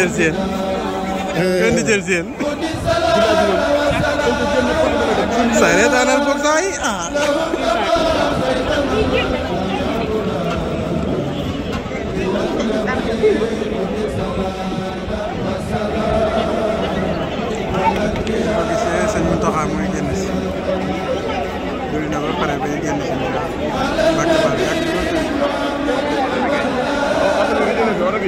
jël seen. Euh. kenn di jël seen. saa yi daanaka foog saa yi ah. boo gisee sëñ Mountakha mooy génn si. julli na ba pare bay génn si ñoom. mbàkk bari ak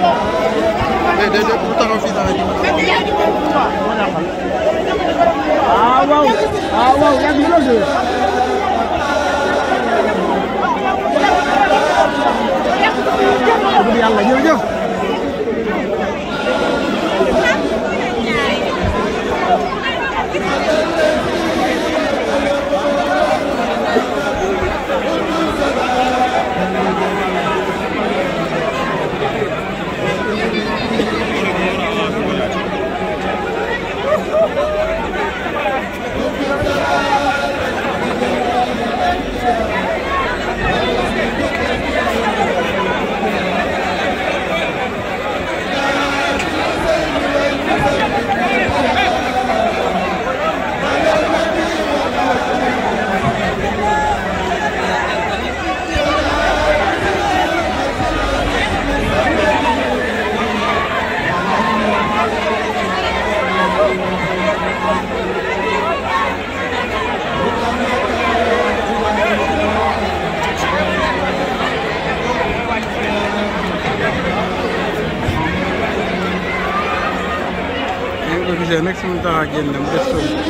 day day day taxaw fii dara ji. ah tax a génn mu def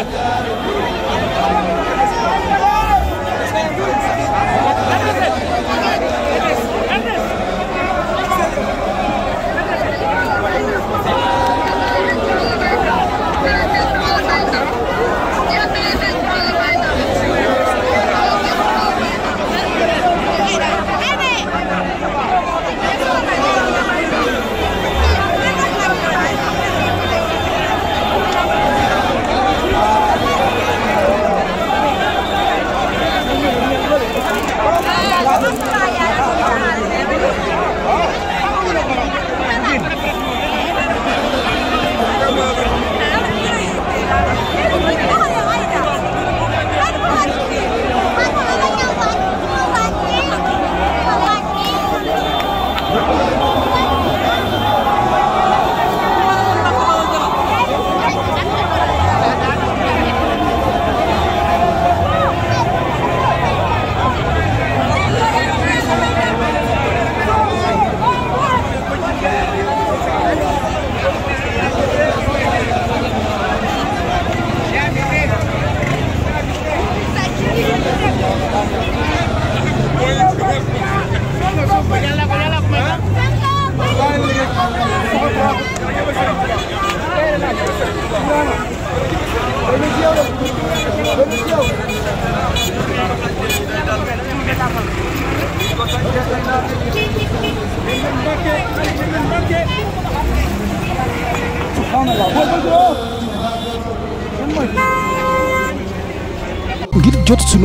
Akbar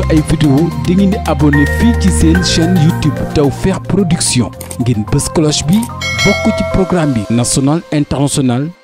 ay vidéo da ngeen di abonné fii ci seen chaîne taw feex Production ngeen bës cloche bi bokk ci programme bi national international